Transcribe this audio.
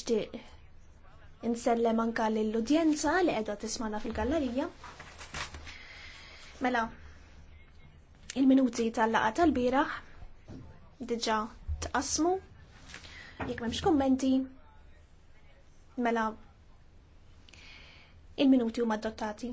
Nixtieq insellem anka lill-udjenza li qiegħda tismana fil-gallerija. Mela, il-minuti tal laqgħa tal-bieraħ diġà tqasmu jekk m'hemmx kummenti mela il-minuti huma maddottati.